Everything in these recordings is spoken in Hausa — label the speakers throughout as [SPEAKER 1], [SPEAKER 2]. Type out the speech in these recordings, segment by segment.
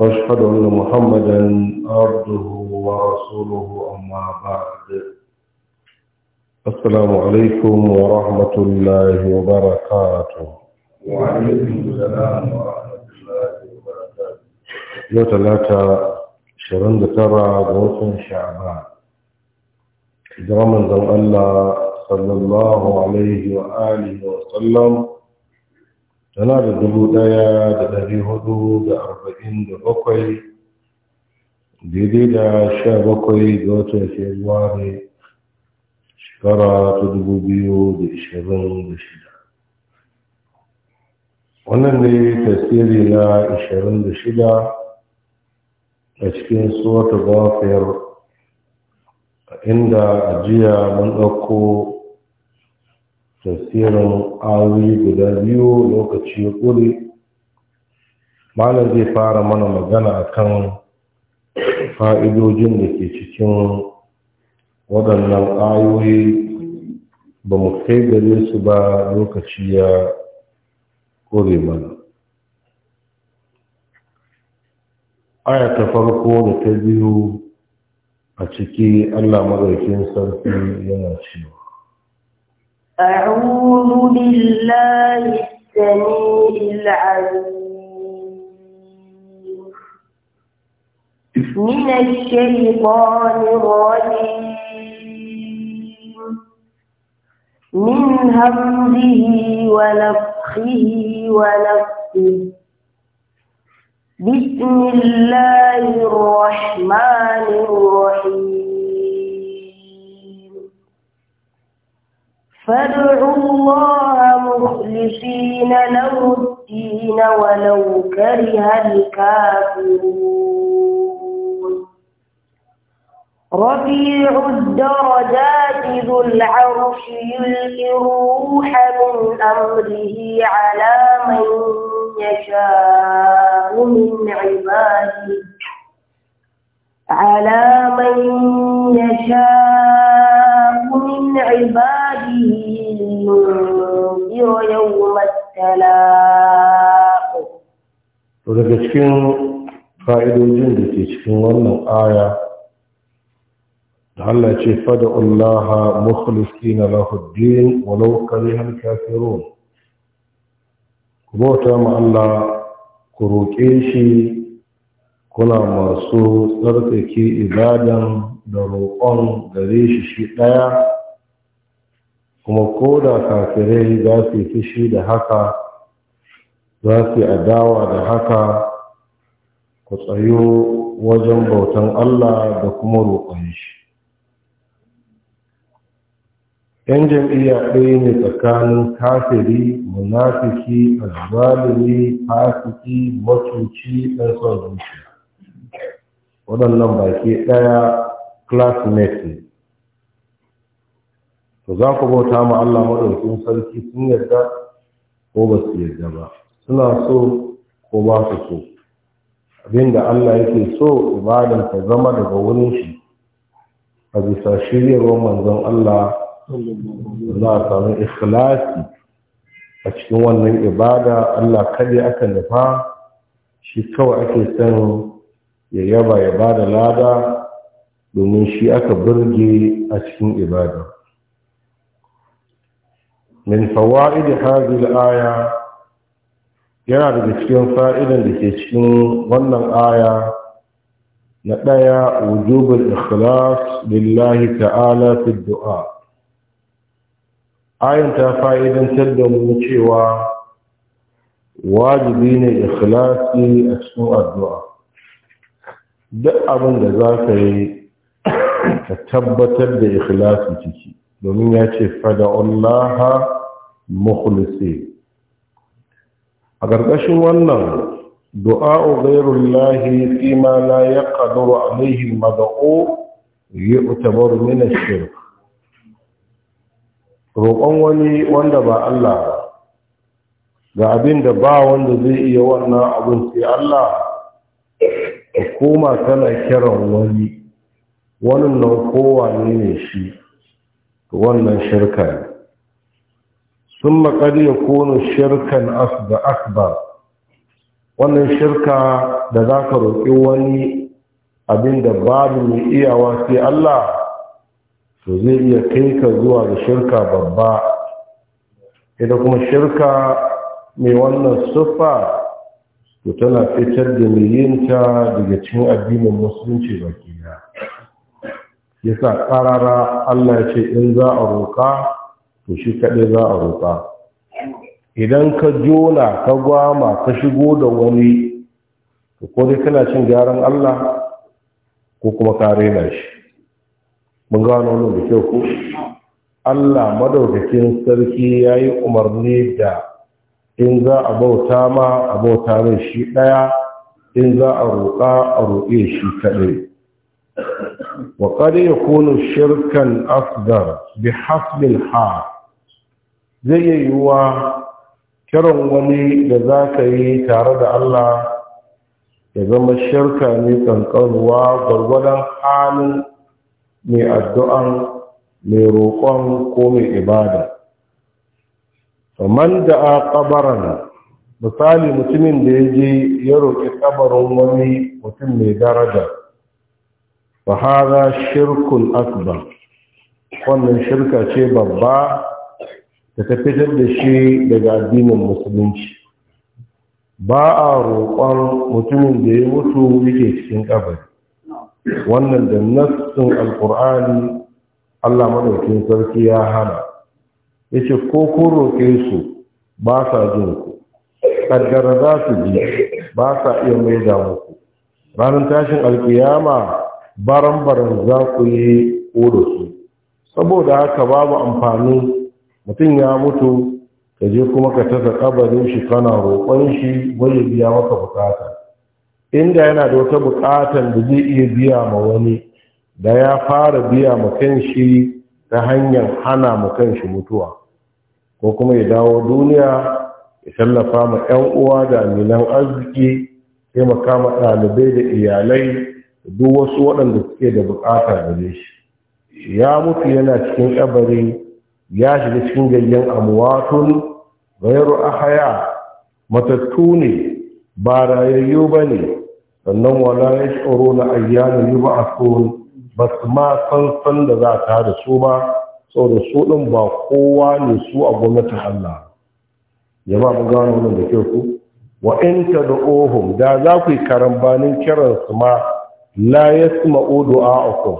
[SPEAKER 1] واشهد ان محمدا عبده ورسوله اما بعد السلام عليكم ورحمه الله وبركاته وعليكم السلام
[SPEAKER 2] ورحمه الله
[SPEAKER 1] وبركاته يوم ثلاثه شهرين ترى غوث شعبان إجراما ذو الله صلى الله عليه وآله وسلم tana da dubu ɗaya da ɗari hudu da arba'in da bakwai daidai da sha bakwai ga watan februari shekara ta dubu biyu da ishirin da shida wannan ne tasiri na ishirin da shida a cikin suwata gafiyar inda ajiya mun ɗauko tafsirin awi guda biyu lokaci ya ƙure malam zai fara mana magana akan fa'idojin da ke cikin waɗannan ayoyi ba mu kai gare su ba lokaci ya kure mana aya ta farko da ta biyu a ciki allah madaukin sarki yana cewa
[SPEAKER 2] أعوذ بالله السميع العليم من الشيطان الرجيم من همزه ونفخه ونفخه بسم الله الرحمن الرحيم فادعوا الله مخلصين له الدين ولو كره الكافرون رفيع الدرجات ذو العرش يلقي الروح من أمره على من يشاء من عباده على من يشاء من عباده
[SPEAKER 1] daga cikin fa'idojin da ke cikin wannan aya da Allah ce fada Allaha mukhliski na lahuddin walau karihar kafirun ku bauta ma Allah ku roƙe shi kuna masu tsarkake ibadan da roƙon gare shi shi ɗaya kuma ko da kafirai za su yi fushi da haka za su yi adawa da haka ku tsayo wajen bautan Allah da kuma roƙon shi ‘yan jam'iyya ɗaya ne tsakanin kafiri munafiki alzalimi fasiki mutunci, ɗan son zuciya waɗannan baki ɗaya ne to za ku bauta ma Allah maɗaukin sarki sun yarda ko ba su yarda ba suna so ko ba su so abinda Allah yake so ibadan ta zama daga wurin shi a bisa shiryarwar manzon Allah za a samu ikhlasi a cikin wannan ibada Allah kaɗai aka nufa shi kawai ake son ya yaba ya ba da lada domin shi aka birge a cikin ibada min fawaid hadhihi al-aya yana daga cikin fa'idan da ke cikin wannan aya na ɗaya wujubul ikhlas lillahi ta'ala fi du'a ayin ta fa'idantar da mu cewa wajibi ne ikhlasi a cikin addu'a duk abin da za ka yi ka tabbatar da ikhlasi ciki domin ya ce fada Allah mukhlisi a ƙarƙashin wannan du'a'u ghayrullahi fi ma la yaqdiru alayhi al-mad'u yu'tabaru min ash-shirk roƙon wani wanda ba Allah ba ga abin da ba wanda zai iya wannan abin sai Allah koma tana kiran wani wannan nan kowa ne ne shi wannan shirka ne ثم قد يكون شركا أكبر wannan shirka da za ka roƙi wani abin da babu mai iyawa sai Allah to zai iya kai ka zuwa da shirka babba ita kuma shirka mai wannan siffa to tana fitar da miyinta daga cikin addinin musulunci baki ya yasa ƙarara Allah ya ce in za a roƙa to shi kaɗai za a roƙa idan ka jona ka gwama ka shigo da wani to ko kana cin gyaran Allah ko kuma ka rena shi mun gano wani da kyau ko Allah madaukakin sarki ya yi umarni da in za a bauta ma a bauta mai shi ɗaya in za a roƙa a roƙe shi kaɗai وقد يكون ya kunu shirkan الحال zai iya yiwuwa kiran wani da za ka yi tare da Allah ya zama shirka ne ƙanƙanuwa gwargwadon halin mai addu'an mai roƙon ko mai ibada. Saman da a ƙabaran misali mutumin da ya je ya roƙi ƙabarin wani mutum mai daraja Ba za shirkun akbar wannan shirka ce babba da fitar da shi daga addinin musulunci ba a roƙon mutumin da ya mutu yake cikin kabari wannan da nassin alkur'ani allah maɗaukin sarki ya hana ya ce ko kun roƙe su ba sa jin ku ƙaddara za su ji ba sa iya mai muku ranar tashin alƙiyama baran-baran za ku yi ko da su saboda haka babu amfanin mutum ya mutu ka je kuma ka tasa kabarin shi kana roƙon shi wani biya maka bukata inda yana da wata bukatan da zai iya biya ma wani da ya fara biya ma kan shi ta hanyar hana ma kan shi mutuwa
[SPEAKER 2] ko kuma ya dawo duniya
[SPEAKER 1] ya tallafa ma 'yan uwa da aminan arziki taimaka ma ɗalibai da iyalai duk wasu waɗanda suke da bukata gare shi ya mutu yana cikin kabari ya shiga cikin gayyan amwatun a ahya matattu ne ba rayayyu bane sannan wala na ayyana yub'athun bas ma san san da za ta da su ba da su din ba kowa ne su a gwamnatin Allah ya mun gano wannan da kyau ku wa in tad'uhum da za ku yi karambanin kiran su ma la yasma'u du'a'akum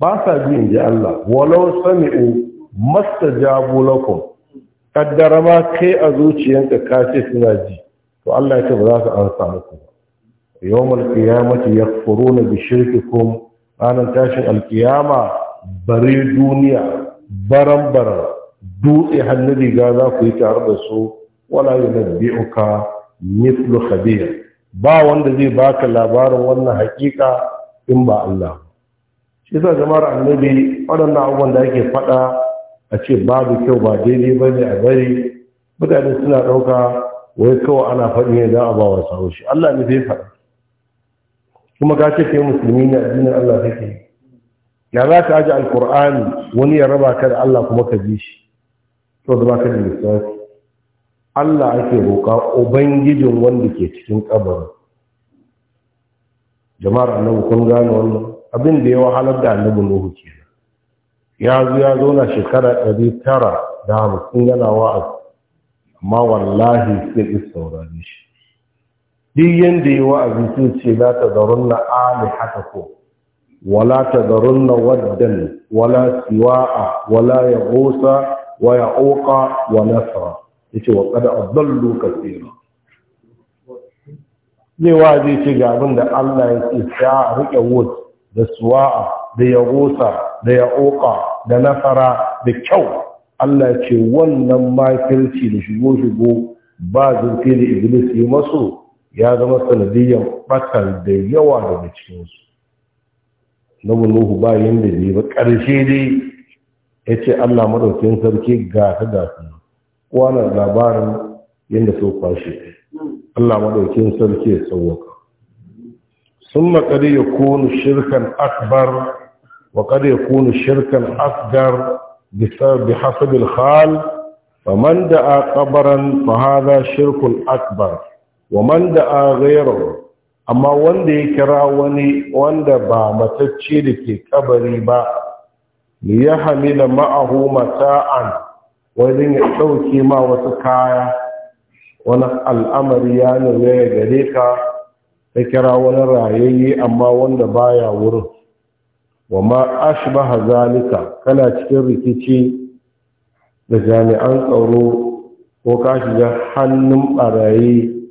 [SPEAKER 1] ba sa ji Allah walau sami'u Masta jabo lakon kaddara ma kai a zuciyanka ka ce suna ji to Allah ya ce ba za su ansa muku ba yawmal qiyamati yakfuruna bi shirkikum ranar tashin alkiyama bare duniya baran baran dutse hannun riga za ku yi tare da su wala yunabbi'uka mithlu khabir ba wanda zai baka labarin wannan hakika in ba Allah shi yasa jama'ar annabi waɗannan abubuwan da ake faɗa a ce babu kyau ba daidai ba ne a bari mutane suna ɗauka wai kawai ana faɗin ya za a ba wa sawo shi Allah ne zai faɗa kuma ka ce kai musulmi ne addinin Allah ke. ya za ka aji alkur'ani wani ya raba ka da Allah kuma ka ji shi to da baka da lissafi Allah ake roƙa ubangijin wanda ke cikin kabarin jama'ar annabi kun gane wannan abin da ya wahalar da annabi Nuhu kenan ya zo ya zauna shekara ɗari tara da hamsin yana wa'azi amma wallahi sai ki saurari shi duk yadda yi wa'azi sai ce za ta na ali haka ko wala ta na waddan wala siwa'a wala ya gosa wa ya oka wa nasara yace wa qad lokaci ba ne wa'azi ce ga abin da Allah ya ce sa riƙe wut da suwa'a da yagosa da yaoka, da nasara da kyau Allah ce wannan makirci da shigo-shigo ba zurfi da iblis yi masu ya zama sanadiyyar batar da yawa daga cikinsu na nuhu bayan da ne ba ƙarshe dai ya ce allah maɗaukin sarki ga da su labarin yadda su kwashe allah maɗaukin sarki ya sauwaka sun makari ya kone shirkan akbar وقد kuni shirkan أكبر بحسب الخال فمن دعا قبرا فهذا شرك أكبر ومن دعا غيره amma wanda ya kira wani wanda ba matacce da ke kabari ba li ya hamila ma'ahu mata'an wajen ya ɗauke ma wasu kaya wani al'amari ya nuna gare ka ya kira wani rayayye amma wanda baya wurin wa ma ashbaha zalika kana cikin rikici da jami'an tsaro ko ka shiga hannun barayi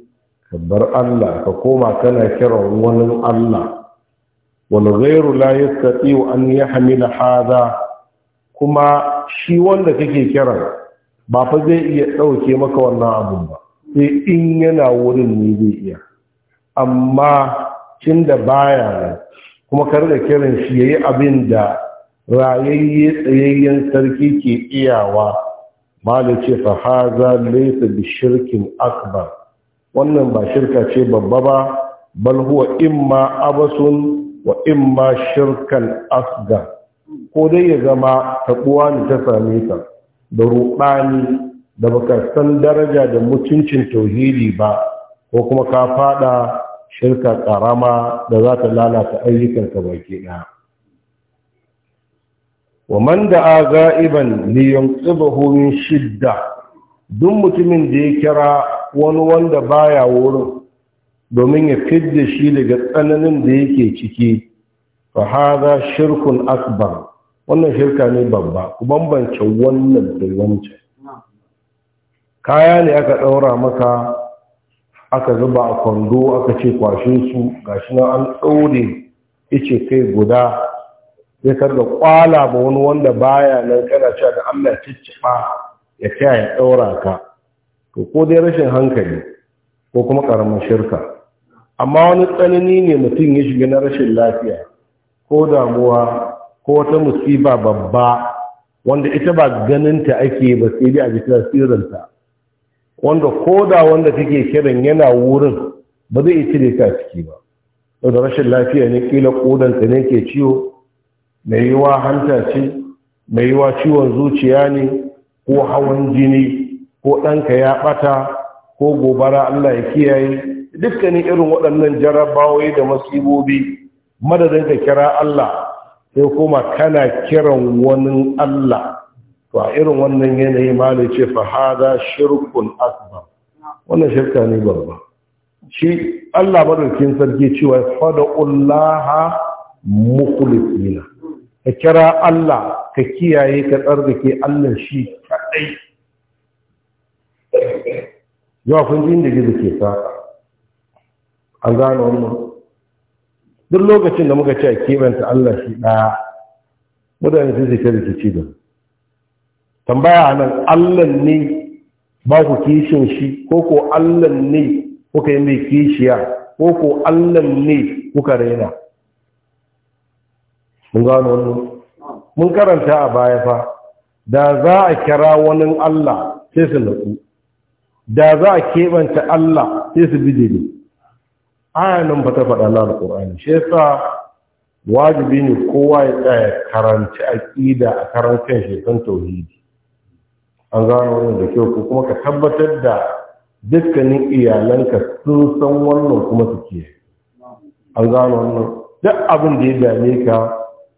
[SPEAKER 1] ka bar Allah ka koma kana kiran wani Allah wani gairu la yastati an yahmila hadha kuma shi wanda kake kiran ba fa zai iya dauke maka wannan abun ba sai in yana wurin ne zai iya amma cin da baya kuma kar da kiran shi yayi abin da rayayye tsayayyen sarki ke iyawa malu ce fa haza laysa bi shirkin akbar wannan ba shirka ce babba ba bal huwa imma abasun wa imma shirkan asgar ko dai ya zama taɓuwa ne ta same ka da ruɓani da baka san daraja da mutuncin tauhidi ba ko kuma ka fada shirka karama da za ta lalata ayyukanka baki ɗaya wa man da a ga'iban liyan tsibahomin shidda duk mutumin da ya kira wani wanda baya wurin domin ya fidda shi daga tsananin da yake ciki fa haza shirkun akbar wannan shirka ne babba ku bambance wannan da wancan kaya ne aka ɗaura maka aka zuba a kwando aka ce kwashe su gashi nan an ɗaure ice kai guda ya karga kwala ba wani wanda baya nan kana cewa da Allah cicciɓa ya kai ya ɗaura ka to ko dai rashin hankali ko kuma ƙaramin shirka amma wani tsanani ne mutum ya shiga na rashin lafiya ko damuwa ko wata musiba babba wanda ita ba ganinta ake ba sai dai a jikin tasirinta wanda koda wanda take kiran yana wurin ba zai yi cire ka ciki ba saboda rashin lafiya ne kila kodan ka ne ke ciwo mai yiwa hanta ce mai yiwa ciwon zuciya ne ko hawan jini ko ɗanka ya ɓata ko gobara Allah ya kiyaye dukkanin irin waɗannan jarabawai da masibobi madadin ka kira Allah sai kuma kana kiran wani Allah to a irin wannan yanayi malai ce fa hada shirkun akbar wannan shirka ne babba shi Allah madaukin sarki cewa Ullaha mukhlisina ka kira Allah ka kiyaye ka tsarkake Allah shi kadai yawa kun ji inda gizo ke sa an gano wannan duk lokacin da muka ce kibanta kebanta Allah shi ɗaya mutane sun ce ka rikici da mu tambaya nan allan ne ba ku kishin shi ko ko allan ne kuka yi mai kishiya ko ko allan ne kuka raina mun gano wannan mun karanta a baya fa da za a kira wani Allah sai su nutsu da za a keɓanta Allah sai su bijire aya nan fa ta faɗa na alƙur'ani shi yasa wajibi ne kowa ya tsaya karanci aƙida a karan kan shekan tauhidi an gano wannan da kyau ko kuma ka tabbatar da dukkanin iyalanka sun san wannan kuma su ke an gano wannan duk abin da ya dame ka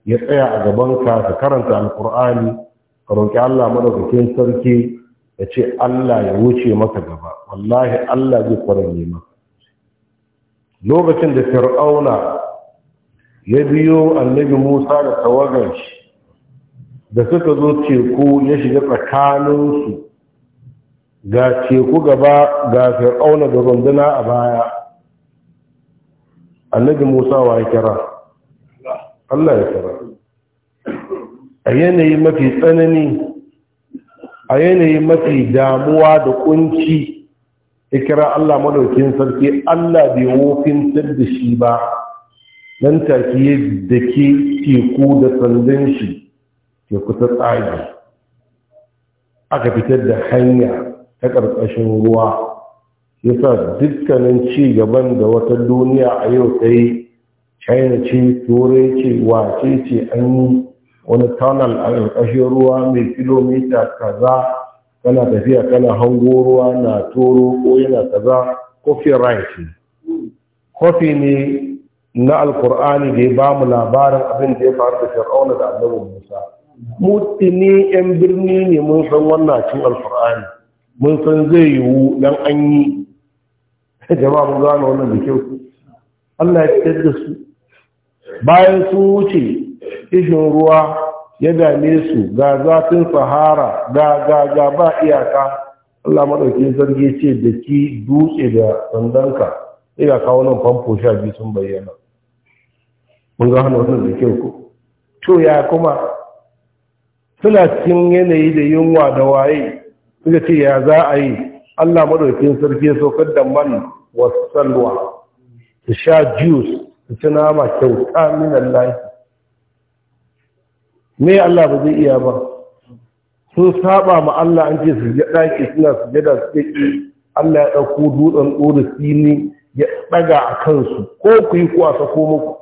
[SPEAKER 1] ya tsaya a gaban ka ka karanta alkur'ani ka roƙi Allah madaukakin sarki ya ce Allah ya wuce maka gaba wallahi Allah zai kwaranye maka lokacin da fir'auna ya biyo annabi Musa da tawagar shi da suka zo teku ya shiga tsakaninsu ga teku gaba ga fir'auna da runduna a baya annabi musa wa kira allah ya kira a yanayi mafi tsanani a yanayi mafi damuwa da kunci ya kira allah maɗaukin sarki allah bai wofin da shi ba nan take da ke teku da sandan shi ke kusa tsagi aka fitar da hanya ta ƙarƙashin ruwa ya sa dukkanin ci gaban da wata duniya a yau ta yi china ce turai ce wace ce an yi wani tunnel a ƙarƙashin ruwa mai kilomita kaza kana tafiya kana hango ruwa na toro ko yana kaza kofi raiti kofi ne na alkur'ani da ya ba mu labarin abin da ya faru da sharauna da annabin musa mutane yan birni ne mun san wannan cin alfur'ani mun san zai yiwu dan an yi jama'a mun gano wannan da kyau Allah ya fitar da su bayan sun wuce ishin ruwa ya dame su ga zafin sahara ga ga ga ba iyaka Allah maɗaukin sarki ce da ki dutse da sandanka iyaka kawo nan famfo sha biyu sun bayyana mun ga hana wannan da kyau ko to ya kuma suna cikin yanayi da yunwa da waye suka ce ya za a yi Allah maɗaukin sarki ya saukar da man wasalwa su sha jus su ci nama kyauta min Allah me Allah ba zai iya ba sun saba ma Allah an ce su ya daki suna sujada su ke Allah ya ɗauko dutsen dole sini ya ɗaga a kansu ko ku yi kuwa sako muku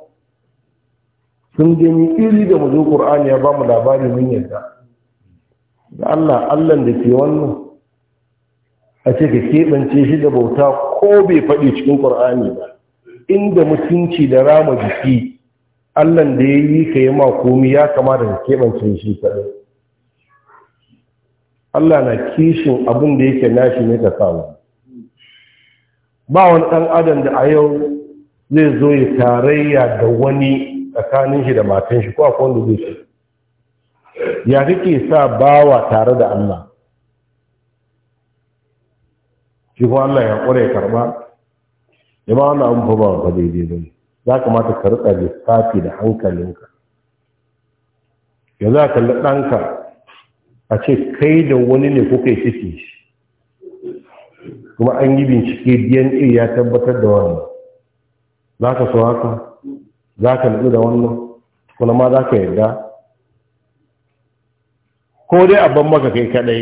[SPEAKER 1] sun gani iri da mu zo ya ba mu labari mun yarda da Allah Allah da ke wannan a ce ka keɓance shi da bauta ko bai faɗi cikin ƙur'ani ba inda mutunci da rama jiki Allah da ya yi ka yi ma komi ya kamata ka keɓance shi kaɗai Allah na kishin abin da yake nashi ne ka samu ba wani ɗan adam da a yau zai zo ya tarayya da wani tsakanin shi da matan shi ko akwai wanda zai shi ya kake sa bawa tare da Allah shi ko Allah ya kore karɓa ya ba wannan amfa ba ba daidai ba ne za ka mata ka riƙa lissafi da hankalinka ya za ka ɗanka a ce kai da wani ne kuka yi ciki shi kuma an yi bincike dna ya tabbatar da wannan za ka so haka za ka da wannan kuma ma za ka yarda ko dai abin maka kai kadai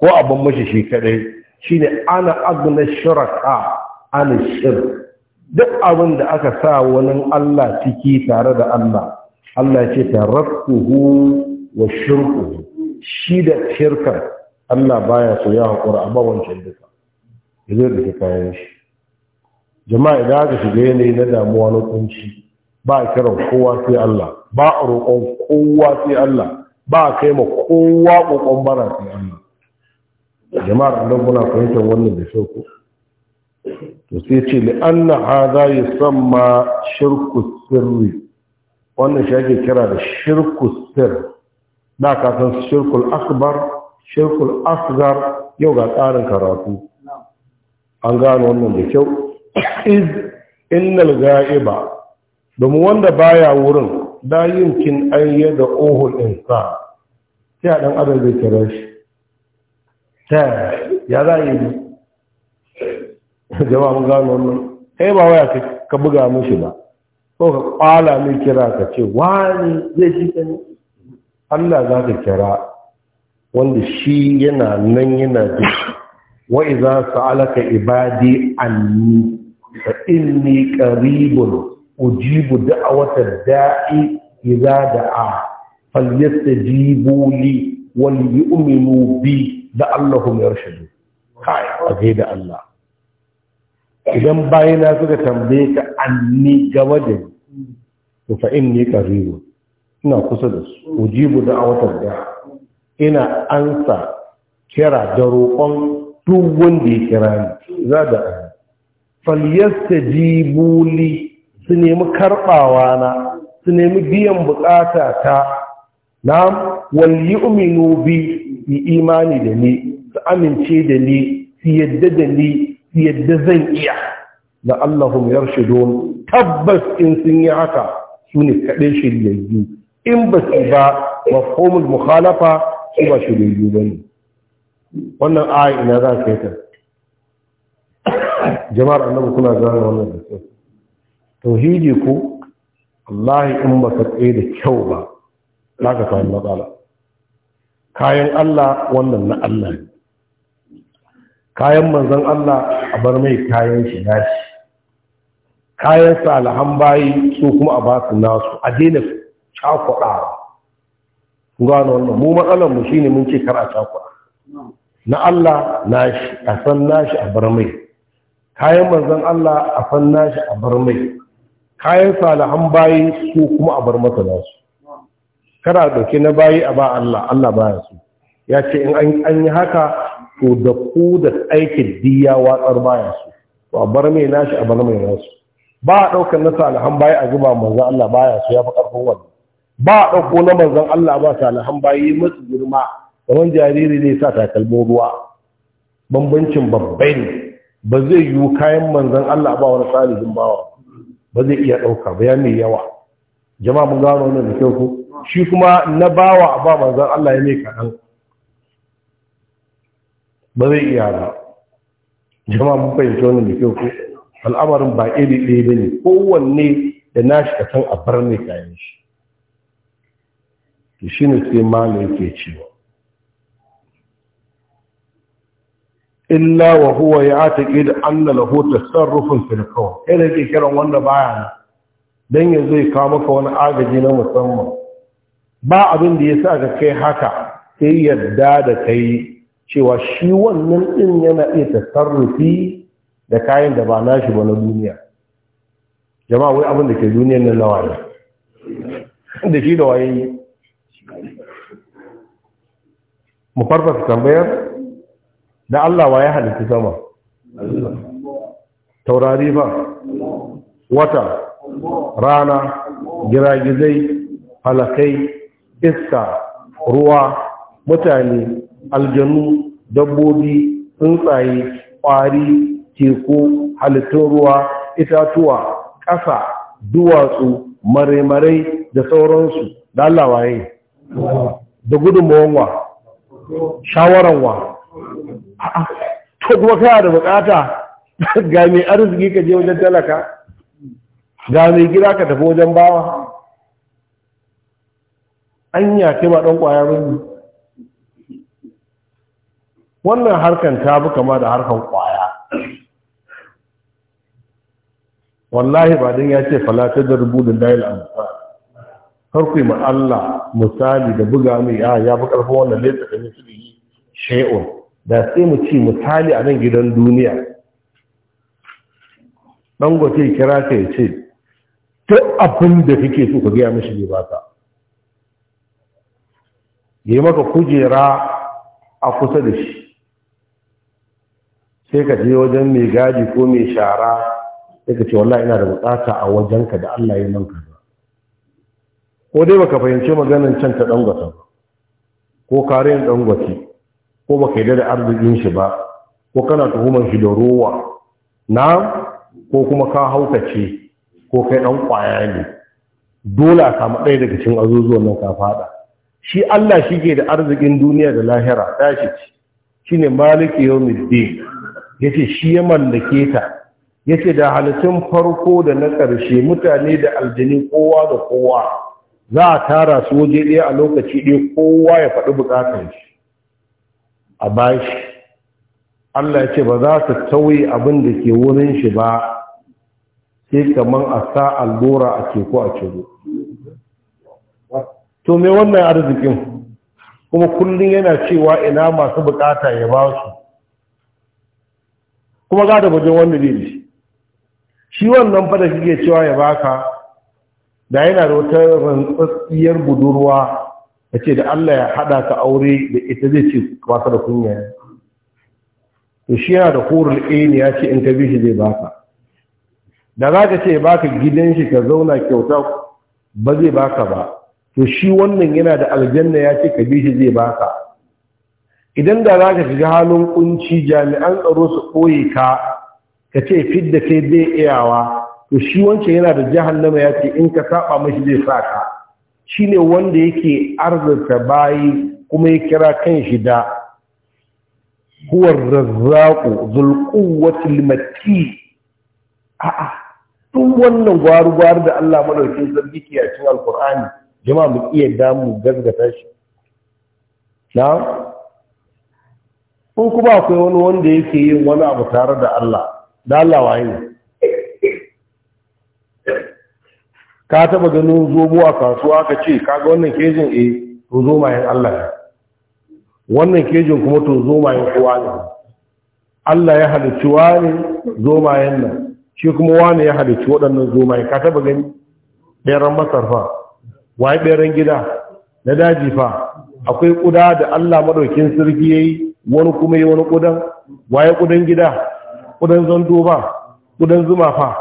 [SPEAKER 1] ko abin mashi shi kadai shine ana agna shuraka ana shir. duk abin da aka sa wani Allah ciki tare da Allah Allah ce ta hu wa shirkuhu shi da shirkar Allah baya so ya haƙura a wancan duka ya zai da kayan shi jama'a idan aka shiga yanayi na damuwa na kunci ba a kiran kowa sai Allah ba a roƙon kowa sai Allah ba kai ma kowa kokon bara sai Allah jama'ar Allah muna fahimtar wannan da shauku to sai ce li anna hadha yusamma shirku sirri wannan shi ake kira da shirku sir da ka san shirku akbar shirku asgar yau ga tsarin karatu an gano wannan da kyau iz innal ga'iba domin wanda baya wurin da yinkin an da ohun insa sai a ɗan abin zai kira shi ta ya za a yi jama'a mu gano wannan kai ba waya ka buga mushi ba ko ka kwala mai kira ka ce wani zai shi ka ne Allah za ka kira wanda shi yana nan yana ji wa su sa'alaka ibadi anni fa inni qaribun ujibu da'awata da'i idza da'a falyastajibu li wal yu'minu bi da Allahum yarshudu kai aje da Allah idan bayina suka tambaye ka anni gaba da ni to ina kusa da su ujibu da'awatar da ina ansa kira da roƙon duk wanda ya kira ni za da an falyastajibu li su nemi karɓawa na su nemi biyan bukata ta na wal yu'minu bi yi imani da ni su amince da ni su yadda da ni su yadda zan iya da shi don tabbas in sun yi haka su ne kaɗai shiryayyu in ba su ba mafhumul mukhalafa su ba shiryayyu ba ne wannan ayi ina za ka yi ta jama'ar annabi kuna zama wannan da tauhidi ko wallahi in ba ka tsaye da kyau ba za ka samu matsala kayan Allah wannan na Allah ne kayan manzan Allah a bar mai kayan shi nashi kayan salahan bayi su kuma a ba su nasu a daina cakuɗawa gano wannan mu matsalar mu shine mun ce kar a cakuɗa na Allah nashi a san nashi a bar mai kayan manzan Allah a san nashi a bar mai kayan salihan bayi su kuma a bar masa nasu kada dauke na bayi a ba Allah Allah baya su ya ce in an yi haka to da ku da aikin diya watsar baya su to a bar mai nashi a bar mai nasu ba a ɗaukar na salihan bayi a zuba manzan Allah baya su ya fi ƙarfin wani ba a ɗauko na manzan Allah ba salihan bayi masu girma kamar jariri ne sa takalmin ruwa bambancin babbai ne ba zai yiwu kayan manzan Allah ba wani salihin bawa ba zai iya ɗauka ba ya mai yawa jama'a mun gano wannan da kyau shi kuma na bawa a ba manzan Allah ya mai kaɗan ba zai iya ba jama'a mun fahimci wannan da kyau al'amarin ba iri ɗaya ba ne kowanne da nashi ka san a bar mai kayan shi shi ne sai ne yake cewa illa wa huwa ya'taqid anna lahu tasarrufun fil kawn kada ke kiran wanda baya dan yanzu ya kawo maka wani agaji na musamman ba abin da sa ka kai haka sai yadda da kai cewa shi wannan din yana iya tasarrufi da kayan da ba nashi ba na duniya jama'a wai abin da ke duniyar nan nawa ne da shi da waye mu farfasa tambayar da Allah wa ya halitta sama taurari ba wata rana giragizai halakai iska ruwa mutane aljanu dabbobi tsuntsaye ƙwari teku halittun ruwa itatuwa ƙasa duwatsu mare da sauransu da Allah waye da gudunmawan wa shawaran wa to kuma kaya da bukata ga mai arziki ka je wajen talaka ga mai gida ka tafi wajen bawa an ce ba ɗan ƙwaya ba wannan harkar ta fi kama da harkar ƙwaya wallahi ba don ya ce falatar da rubutun dayil amsa harkui ma'alla Allah misali da buga mai ya ah, ya fi ƙarfin wannan leta da nufi shi'un da sai mu ci misali a nan gidan duniya dangote kira ka ya ce duk abin da kake so ka gaya mashi ne ba ka yi maka kujera a kusa da shi sai ka je wajen mai gadi ko mai shara sai ka ce wallahi ina da bukata a wajenka da Allah ya manka ba ko dai baka fahimci maganar can ta dangwata ba ko karin dangwata ko ba ka yi da arzikin shi ba ko kana tuhumar shi da rowa na ko kuma ka haukace ko kai ɗan ƙwaya ne dole a samu ɗaya daga cikin azuzuwan nan ka faɗa shi Allah shike da arzikin duniya da lahira tashi ci shi ne maliki yau ya ce shi ya mallake ta Yace da halittun farko da na ƙarshe mutane da aljani kowa da kowa za a tara su waje ɗaya a lokaci ɗaya kowa ya faɗi buƙatar shi a bashi Allah ya ce ba za ta tauye abin da ke wurin shi ba sai kaman a sa allura a teku a ciro to me wannan arzikin kuma kullum yana cewa ina masu bukata ya ba su kuma ga da bajin wanda ne shi shi wannan fada shi cewa ya baka da yana da wata rantsatsiyar budurwa ka ce da Allah ya haɗa ka aure da ita zai ce kwasa da kunya to shi yana da horar aini ya ce in ka bi shi zai baka da za ka ce baka gidan shi ka zauna kyauta ba zai baka ba to shi wannan yana da aljanna ya ce ka bi shi zai baka idan da za ka shiga halin kunci jami'an tsaro su koyi ka ka ce fidda kai zai iyawa to shi wancan yana da jahannama ya ce in ka saba mashi zai sa ka Shi ne wanda yake arzata bayi kuma ya kira kan shi da huwar razzaku zulkuwatul mati a'a tun wannan gwaru-gwaru da Allah maɗaukin sarki ke a cikin alkur'ani jama'a mu iya damu gazgata shi na kun kuma akwai wani wanda yake yin wani abu tare da Allah da Allah yi. ne ka taba ganin zobo a kasuwa ka ce kaga wannan kejin eh to zo yin Allah ne wannan kejin kuma to zo yin kowa ne Allah ya halicci wani zo yin nan shi kuma wani ya halicci waɗannan zo mayan ka taba gani ɗeran masarfa. waye ɗeran gida na daji fa akwai ƙuda da Allah maɗaukin sarki ya yi wani kuma yi wani ƙudan waye ƙudan gida ƙudan zando ba ƙudan zuma fa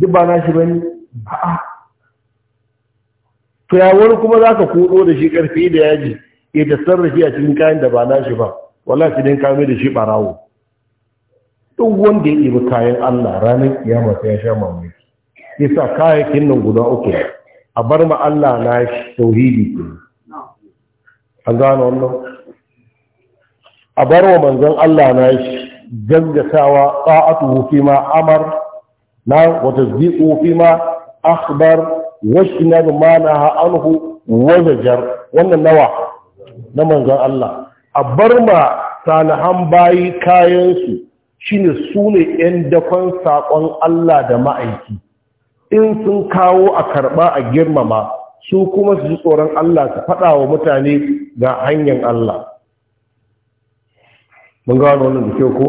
[SPEAKER 1] duk ba na shi ba ne a'a to ya wani kuma za ka kudo da shi karfi da yaji ya ta sarrafi a cikin kayan da ba na shi ba wala shi din kame da shi barawo duk wanda ya ɗibi kayan Allah ranar kiyama sai ya sha mamaki yasa kayayyakin nan guda uku a bar ma Allah na shi tauhidi ke an gano wannan a bar wa manzon Allah na shi gaggasawa ta'atuhu fi ma amar na wa tasdiqu fi ma akhbar zama na manaha anhu wazajar wannan nawa na manzon Allah a bar ma salihan bayi kayansu shine su ne ‘yan dakon saƙon Allah da ma'aiki in sun kawo a karɓa a girmama su kuma su ji tsoron Allah su faɗa wa mutane ga hanyar Allah mun gano wani da ke ko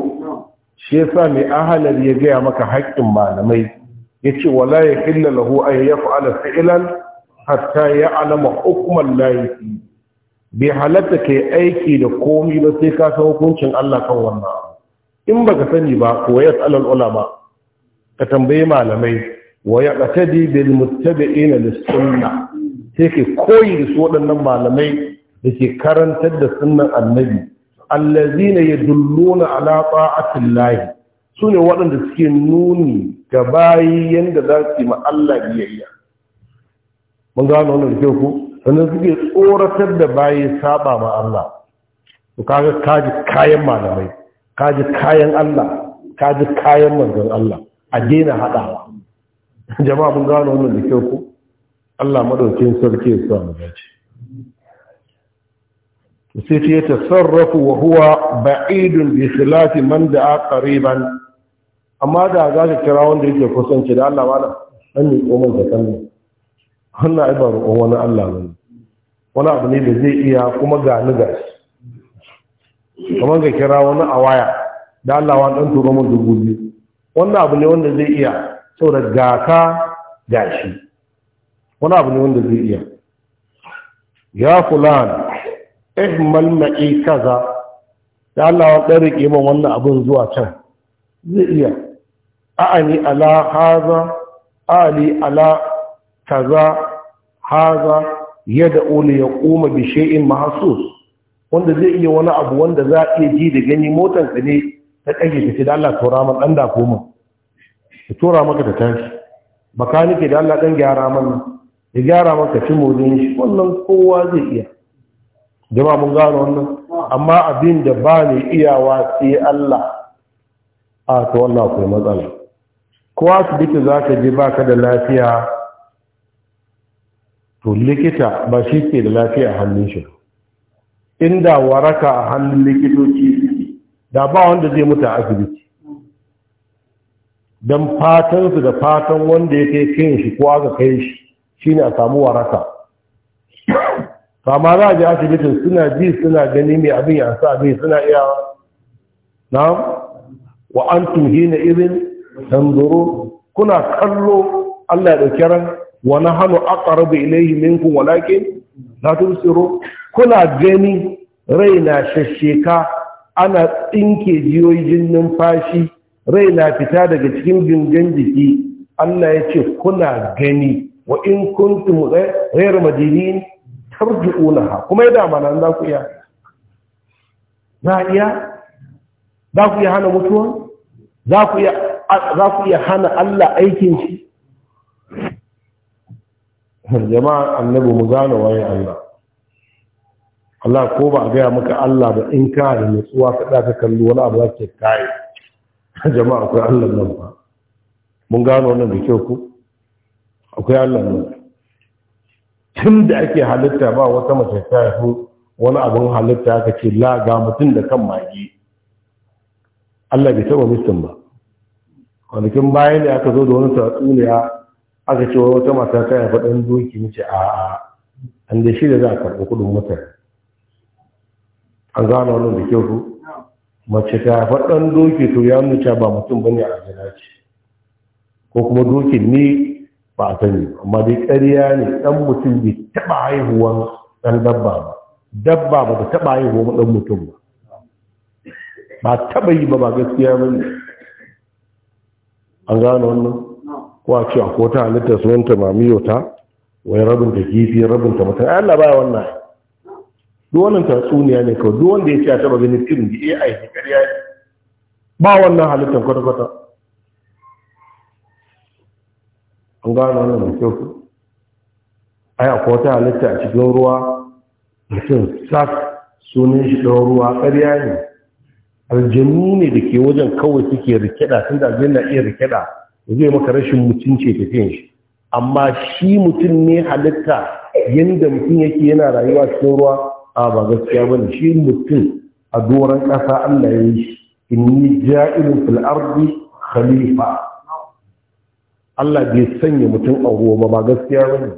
[SPEAKER 1] shi sa mai ahalar ya gaya maka haƙƙin malamai yace wala ya yahilla lahu ay yaf'ala fi'lan hatta ya'lama hukman la yafi bai halatta kai aiki da komai ba sai ka san hukuncin Allah kan wannan in baka sani ba ko yas'al ulama ka tambaye malamai wa yaqtadi bil muttabi'ina lis sunnah sai ke koyi da su waɗannan malamai da ke karantar da sunan annabi allazina yadulluna ala alaƙa lahi su ne waɗanda suke nuni ga bayi yadda za su yi ma Allah biyayya mun gano wannan da ku sannan suke tsoratar da bayi saba ma Allah to kaga kaji kayan malamai kaji kayan Allah kaji kayan manzon Allah a daina haɗawa jama'a mun gano wannan da ku Allah madaukin sarki ya sa mu dace sai ce ta sarrafu wa huwa ba'idun bi khilafi man da'a qariban amma da za ka kira wanda yake kusanci da Allah wala dan ne komai da kan hanna ibaru ba wani Allah ne wani abu ne da zai iya kuma ga ni ga kamar ka kira wani a waya da Allah wani dan turo mun dubu biyu wannan abu ne wanda zai iya saboda ga ka ga shi wani abu ne wanda zai iya ya fulan ihmal ma'i kaza da Allah wani dan rike min wannan abun zuwa can zai iya a'ani ala haza ali ala kaza haza yadda ole ya kuma bi shay'in mahsus wanda zai iya wani abu wanda za a iya ji da gani motan ka ne ta kage ta ce da Allah tora man dan da koma ta tura maka ta tashi nake da Allah dan gyara man ya gyara maka shi modin shi wannan kowa zai iya jama'a mun gano wannan amma abin da ba ne iyawa sai Allah a to wannan akwai matsala ko asibiti za ka je baka da lafiya to likita ba shi ke da lafiya a hannun shi inda waraka a hannun likitoci da ba wanda zai mutu a asibiti don fatansu da fatan wanda ya kai shi ko aka kai shi shine a samu waraka kama za a ji asibitin suna ji suna gani mai abin ya sa abin suna iya na wa antum hina idin tanzuru kuna kallo Allah ya dauki ran wa nahnu aqrabu ilayhi minkum walakin la tusiru kuna gani raina shasheka ana tsinke jiyoyin Rai raina fita daga cikin gingan jiki Allah ya ce kuna gani wa in kuntum ghayr madinin tarji'unaha kuma yadda mana za ku iya za ku iya hana mutuwa za ku iya hana Allah aikin shi jama'a annabi mu gane waye Allah Allah ko ba a gaya maka Allah da in ka da nutsuwa ka ka kalli wani abu za ka kai jama'a akwai Allah nan ba mun gano wannan da kyau ku akwai Allah nan tun da ake halitta ba wata mace ta haifu wani abin halitta aka ce la ga mutum da kan magi Allah bai taba mistin ba kwanakin bayan da aka zo da wani tatsuniya aka ce wata mata ta haifa faɗin doki mace a an da shi da za a karɓi kuɗin mutane an gano wani da kyau ku mace ta haifa ɗan doki to ya nuna ba mutum bane a jina ce ko kuma dokin ne ba a sani amma dai ƙarya ne ɗan mutum bai taɓa haihuwan ɗan dabba ba dabba ba ta taɓa haihuwan ɗan mutum ba ba taba yi ba ba gaskiya ba ne an gano wannan kuwa ce a kota halittar sunanta mamiyo ta wai ta kifi rabin ta mutane Allah baya wannan duk wannan tatsuniya ne kawai duk da ya ce a taba ganin fim da AI ne ƙarya ba wannan halittar kwata-kwata an gano wannan mai kyau ai a kota halitta a cikin ruwa mutum sak sunan shi ɗan ruwa ƙarya ne aljanu ne da ke wajen kawai suke rikida tun da aljanna iya rikida zai maka rashin mutunci fiye shi amma shi mutum ne halitta yadda mutum yake yana rayuwa cikin ruwa a ba gaskiya ba ne shi mutum a doron ƙasa Allah ya yi shi inni jairin fil khalifa Allah bai sanya mutum a ruwa ba ba gaskiya ba ne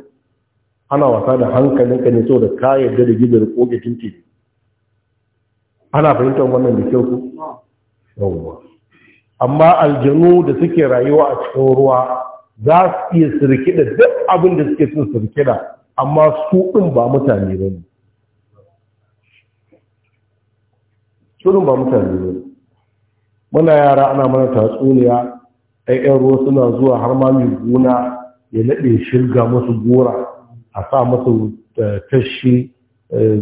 [SPEAKER 1] ana wasa da hankalin ka ne saboda ka yarda da gidan koke tun ana fahimtar wannan da kyau ku amma aljanu da suke rayuwa a cikin ruwa za su iya sirkida duk abin da suke cin sirkida amma su ɗin ba mutane ba ne Su ɗin ba mutane ba ne. muna yara ana mana tatsuniya ɗayan ruwa suna zuwa har ma mai gona ya naɗe shirga masu gora a sa masu eh, tashi eh,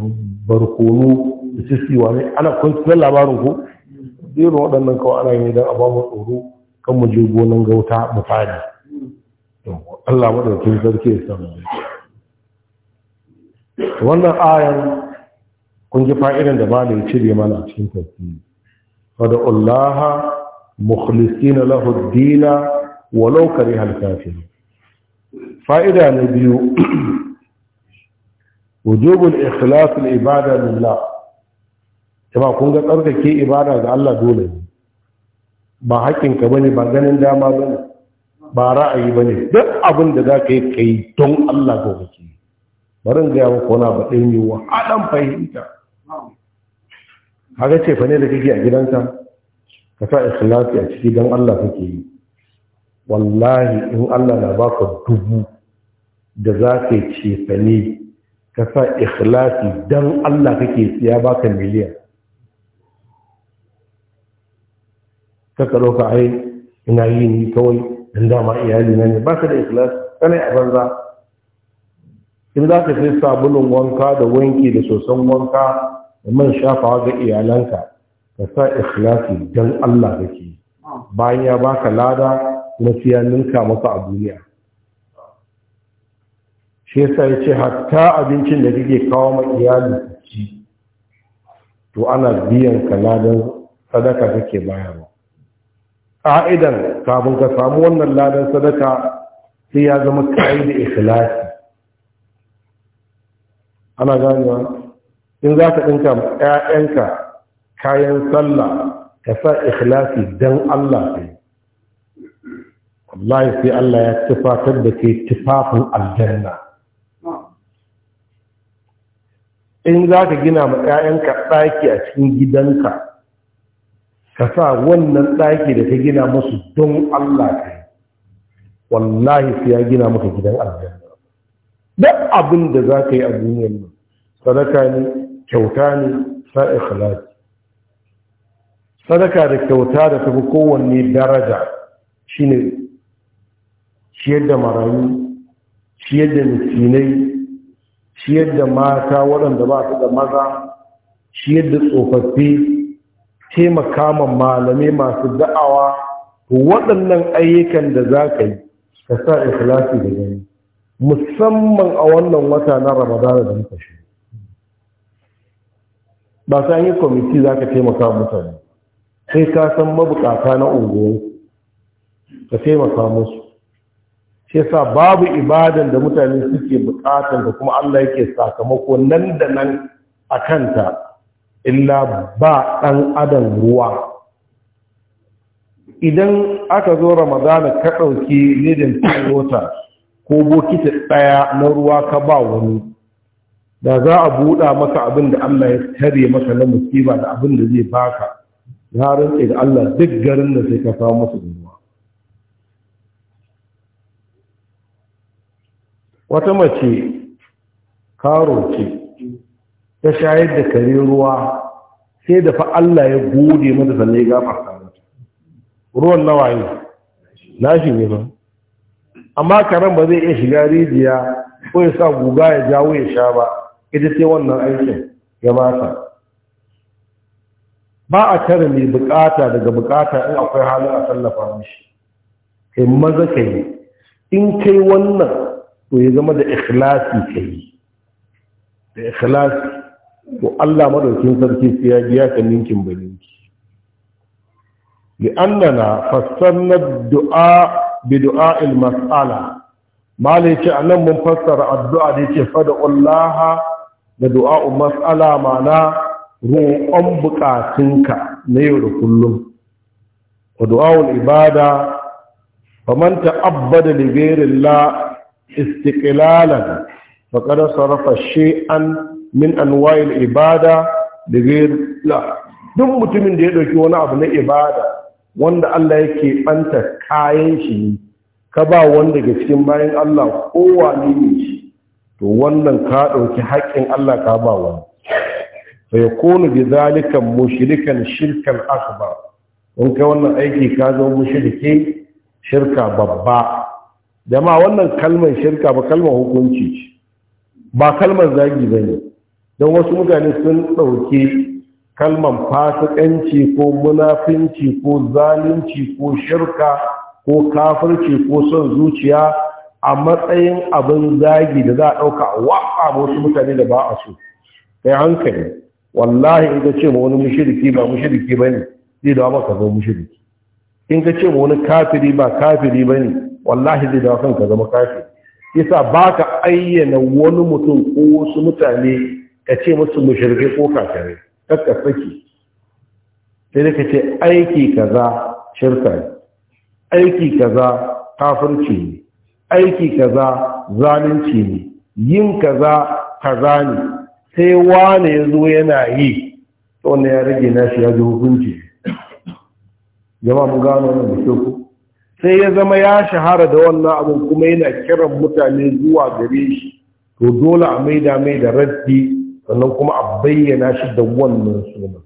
[SPEAKER 1] barkono sisi wane ana kwanciyar labarin ko irin waɗannan kawai ana yi don a tsoro kan gauta mu fadi ayan kun ji da ba da ya cire mana a cikin tafsiri fa'ida na biyu wujubul ikhlas ibada lillah ba kun ga tsarkake ibada ga Allah dole ne ba haƙƙinka bane ba ganin dama bane ba ra'ayi bane duk abin da za ka yi kai don Allah ga kake bari in gaya maka na ba ɗin yi wahalan fahimta haka ce fa ne da kake a gidansa? ka sa ikhlasi a ciki don Allah kake yi wallahi in Allah na baka dubu da za ka yi cefane ka sa ikhlasi don Allah kake siya baka miliyan kaka ɗauka ai ina yi ni kawai in dama iyali na ne baka da ikilas kana a banza in za ka sai sabulun wanka da wanki da sosan wanka da man shafawa ga iyalanka ka sa ikilasi don Allah da ke, bayan ya baka lada kuma siya ninka maka a duniya shi yasa ya ce hatta abincin da kake kawo ma iyali ci to ana biyan ka ladan sadaka kake bayarwa ƙa'idan kafin ka samu wannan ladan sadaka sai ya zama kayi da ikhlasi ana ganewa in za ka ɗinka ‘ya'yanka kayan sallah ka sa ikhlasi don Allah ne wallahi sai Allah ya tufatar da ke tufafin aljanna in za ka gina ma ‘ya'yanka ɗaki a cikin gidanka ka sa wannan ɗaki da ka gina musu don Allah ka yi wallahi su ya gina maka gidan aljanna duk abin da za ka yi a duniyar nan sadaka ne kyauta ne sa ikhlasi sadaka da kyauta da tafi kowanne daraja shine ciyar da marayu ciyar da mutinai ciyar da mata waɗanda ba su da maza ciyar da tsofaffi taimaka ma malamai masu da'awa waɗannan ayyukan da za ka yi ka sa ikhlasi da gani musamman a wannan wata na ramadana da muka shi ba sai an yi kwamiti za ka taimaka mutane sai ka san mabukata na unguwar ka taimaka musu shi sa babu ibadan da mutane suke bukatan da kuma Allah yake sakamako nan da nan a kanta illa ba ɗan adam ruwa idan aka zo ramadana ka ɗauki nidin wata ko bokiti ɗaya na ruwa ka ba wani da za a buɗa maka abin da Allah ya tare maka na musiba da abin da zai baka ya rantse da Allah duk garin da sai ka samu musu ruwa wata mace karo ce ta shayar da kare ruwa sai da fa Allah ya gode mata sannan ya gafarta mata ruwan nawa ne ne ba amma karen ba zai iya shiga rijiya ko ya sa guga ya jawo ya sha ba ita sai wannan aikin ya ba ta ba a tare mai bukata daga bukata in akwai halin a tallafa mishi kai maza ka yi in kai wannan to ya zama da ikhlasi ka yi da ikhlasi Ko Allah madaukin sarki sai ya biya ka ninkin baninki li annana fassarna du'a bi du'a al mas'ala mala yace anan mun fassara addu'a da yace fada Allah da du'a'u mas'ala mana roƙon bukatunka na yau da kullum wa du'a ibada faman ta'abbada li ghayri Allah istiqlalan faqad sarafa shay'an min anwa'il ibada da la duk mutumin da ya dauki wani abu na ibada wanda Allah yake banta kayan shi ka ba wanda ga cikin bayan Allah kowa ne ne shi to wannan ka ɗauki haƙƙin Allah ka ba wani fa yakunu bi zalika mushrikan shirkan akbar in kai wannan aiki ka zo mushrike shirka babba jama'a wannan kalmar shirka ba kalmar hukunci ba kalmar zagi bane don wasu mutane sun ɗauki kalman fasikanci ko munafinci ko zalunci ko shirka ko kafirci ko son zuciya a matsayin abin zagi da za a ɗauka a wasu mutane da ba a so kai hankali wallahi in ka ce ma wani mushiriki ba mushiriki ba ne zai dawa maka zama mushiriki in ka ce ma wani kafiri ba kafiri ba ne wallahi zai dawa kanka zama kafiri yasa ba ka ayyana wani mutum ko wasu mutane ka ce musu mushirke ko kakare kakka saki sai da ka ce aiki kaza shirka ne aiki kaza kafirci ne aiki kaza zalunci ne yin kaza kaza ne sai wane ya zo yana yi wannan ya rage nashi ya ji hukunci jama'a mun gano wannan da kyau sai ya zama ya shahara da wannan abin kuma yana kiran mutane zuwa gare shi to dole a maida mai da raddi sannan kuma a bayyana shi da wannan sunan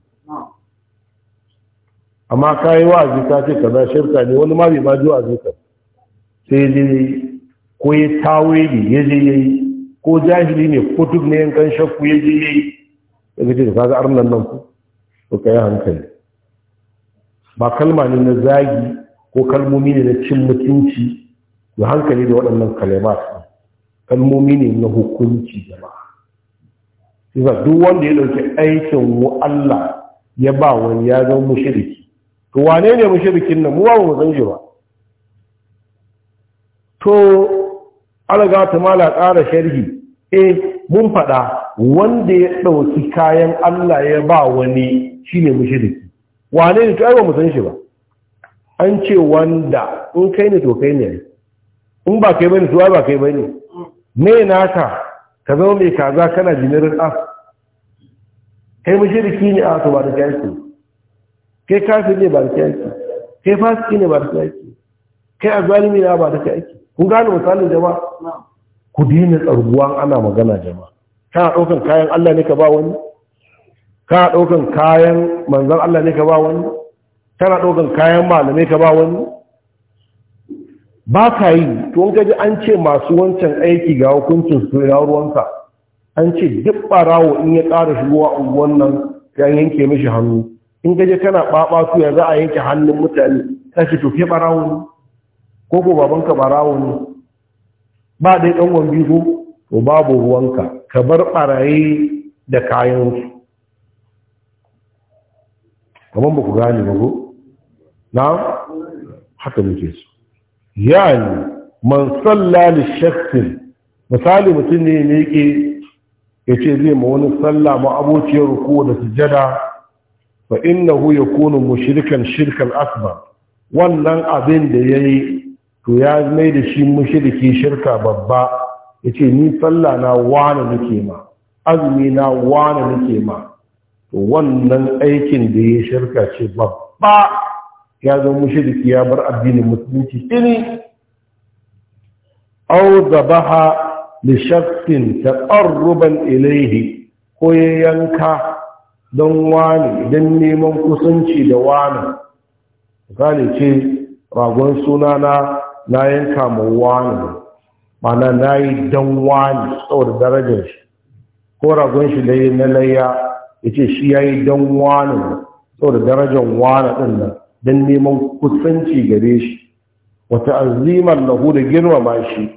[SPEAKER 1] amma ka yi wa'azi ka ce ka za shirka ne wani ma bai ba jiwa wa'azi ka sai je ko ya tawe ne ya je yi. ko jahili ne ko duk ne yankan shakku ya je yi. daga ce da ga arnan nan ku to ka yi hankali ba kalma ne na zagi ko kalmomi ne na cin mutunci da hankali da waɗannan kalmar. kalmomi ne na hukunci jama'a isa duk wanda ya ɗauki aikin Allah ya ba wani ya zama mushiriki to wane ne mushirikin nan mu ba mu san shi ba to ga ta mala ƙara sharhi eh mun faɗa wanda ya ɗauki kayan Allah ya ba wani shi ne mushiriki wane ne to ai ba mu san shi ba an ce wanda in kai ne to kai ne in ba kai bane to ai ba kai bane me naka ka zama mai kaza kana jimirin a ah, kai mushriki ne a ah, to ba da kai kafin ne ba da kai fasiki ne ba da kyaki kai azalimi ne ba da kyaki kun gane misalin jama ku daina tsarguwa ana magana jama'a kana ɗaukan kayan Allah ne ka ba wani kana ɗaukan kayan manzan Allah ne ka ba wani kana ɗaukan kayan malamai ka ba wani ba ka yi to in gaji an ce masu wancan aiki ga hukuncin su ya ruwanka an ce duk barawo in ya ƙara shigowa a wannan ya yanke mishi hannu in gaji kana ɓaɓa su ya za a yanke hannun mutane ta ce to ke barawo ne ko ko babanka barawo ne ba dai ɗan wambi ko to babu ruwanka ka bar ɓaraye da kayan kayansu kamar ba ku gane ba ko na haka muke su yani man salla li shakhsin misali mutum ne ne yake yace zai ma wani sallah ma abociyar ruku da sujada fa innahu yakunu mushrikan shirkan akbar wannan abin da yayi to ya mai da shi mushriki shirka babba yace ni sallah na wani nake ma azumi na wani nake ma to wannan aikin da ya shirka ce babba ya zo mushriki ya bar addinin musulunci shine aw zabaha li shakhsin taqarruban ilayhi ko ya yanka don wani don neman kusanci da wani misali ce ragon suna na na yanka ma wani mana na yi don wani saboda darajar shi ko ragon shi da na layya ya ce shi ya yi don wani saboda darajar wani din nan Dan neman kusanci gare shi wata azimar lahu da girmama shi